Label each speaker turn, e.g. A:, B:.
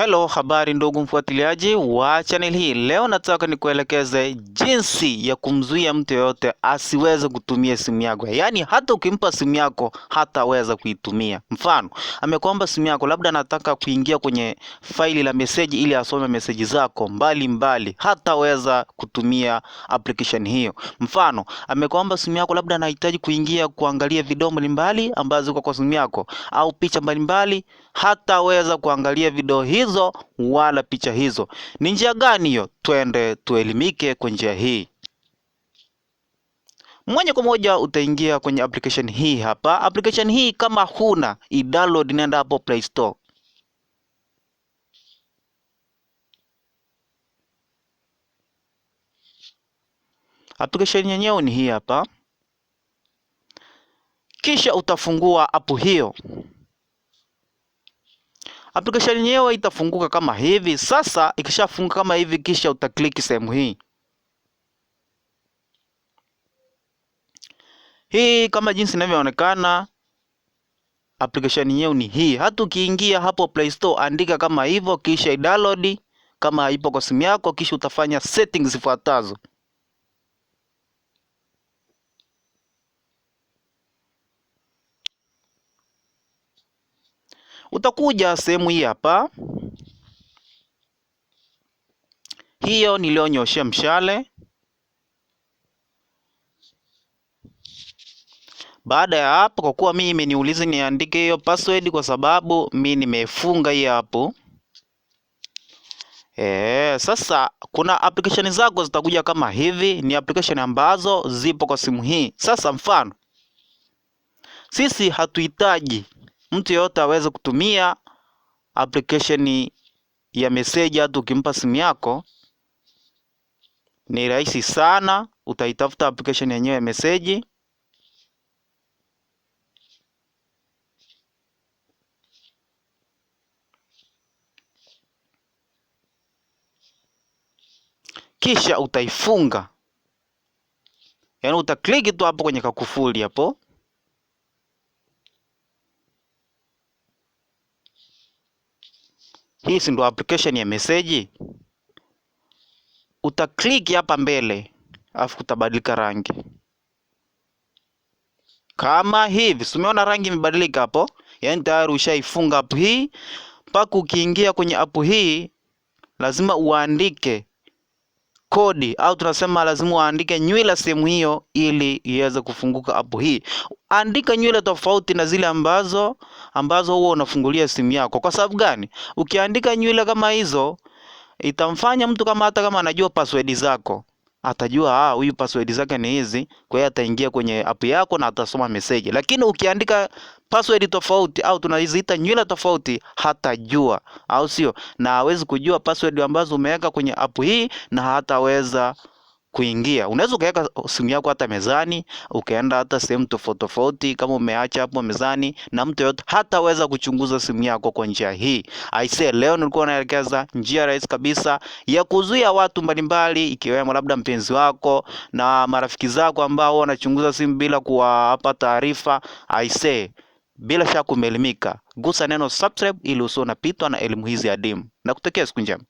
A: Hello, habari ndugu mfuatiliaji wa channel hii. Leo nataka nikuelekeze jinsi ya kumzuia mtu yeyote asiweze kutumia simu yako, yaani hata ukimpa simu yako hataweza kuitumia. Mfano, amekuomba simu yako, labda anataka kuingia kwenye faili la meseji ili asome meseji zako mbalimbali, hataweza kutumia application hiyo. Mfano, amekuomba simu yako, labda anahitaji kuingia kuangalia video mbalimbali ambazo kwa simu yako au picha mbalimbali, hataweza kuangalia video hizo hizo wala picha hizo. Ni njia gani hiyo? Twende tuelimike kwa njia hii. Moja kwa moja utaingia kwenye application hii hapa. Application hii kama huna i-download, nenda hapo Play Store. Application yenyewe ni hii hapa, kisha utafungua app hiyo application yenyewe itafunguka kama hivi. Sasa ikishafunguka kama hivi, kisha utakliki sehemu hii hii kama jinsi inavyoonekana application yenyewe ni hii. Hata ukiingia hapo Play Store andika kama hivyo, kisha i-download kama ipo kwa simu yako, kisha utafanya settings zifuatazo. utakuja sehemu hii hapa, hiyo nilionyoshea mshale. Baada ya hapo, kwa kuwa mimi imeniuliza niandike hiyo password, kwa sababu mimi nimefunga hii hapo. E, sasa kuna application zako zitakuja kama hivi, ni application ambazo zipo kwa simu hii. Sasa mfano sisi hatuhitaji mtu yeyote aweze kutumia application ya message. Hata ukimpa simu yako ni rahisi sana, utaitafuta application yenyewe ya message kisha utaifunga, yaani utaklik tu hapo kwenye kakufuli hapo. Hii si ndo application ya meseji? Utaklik hapa mbele, afu kutabadilika rangi kama hivi. Umeona rangi imebadilika hapo, yaani tayari ushaifunga app hii. Mpaka ukiingia kwenye app hii lazima uandike kodi au tunasema lazima uandike nywila sehemu hiyo ili iweze kufunguka app hii. Andika nywila tofauti na zile ambazo ambazo huwa unafungulia simu yako. Kwa sababu gani? Ukiandika nywila kama hizo itamfanya mtu kama hata kama anajua password zako atajua ah, huyu password zake ni hizi, kwa hiyo ataingia kwenye app yako na atasoma message. Lakini ukiandika password tofauti au tunaziita nywila tofauti, hata jua, au sio? Na hawezi kujua password ambazo umeweka kwenye app hii, na hataweza kuingia. Unaweza ukaweka simu yako hata mezani, ukaenda hata sehemu tofauti tofauti, kama umeacha hapo mezani, na mtu yoyote hataweza kuchunguza simu yako kwa njia hii. I say, leo nilikuwa naelekeza njia rahisi kabisa ya kuzuia watu mbalimbali, ikiwemo labda mpenzi wako na marafiki zako ambao wanachunguza simu bila kuwapa taarifa. I say bila shaka umeelimika. Gusa neno subscribe ili usio unapitwa na elimu hizi adimu, na kutekea siku njema.